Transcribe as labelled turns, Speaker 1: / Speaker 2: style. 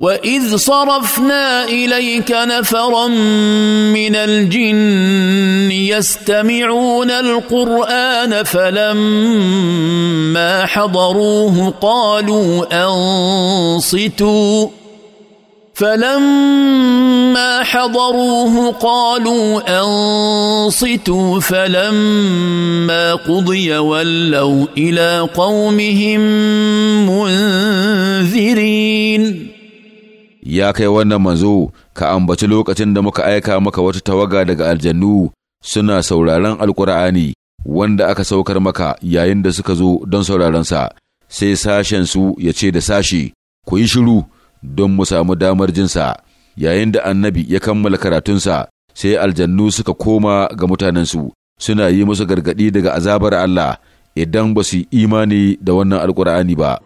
Speaker 1: واذ صرفنا اليك نفرا من الجن يستمعون القران فلما حضروه قالوا انصتوا فلما حضروه قالوا انصتوا فلما قضي ولوا الى قومهم منذرين
Speaker 2: ya kai wannan manzo ka ambaci lokacin da muka aika maka wata tawaga daga aljannu suna sauraron alkur'ani wanda aka saukar maka yayin da suka zo don sa sai sashen su ya ce da sashi ku yi shiru don mu samu damar jinsa yayin da annabi ya kammala karatunsa sai aljannu suka koma ga mutanensu suna yi musu gargadi daga azabar Allah idan ba su imani da wannan alkur'ani ba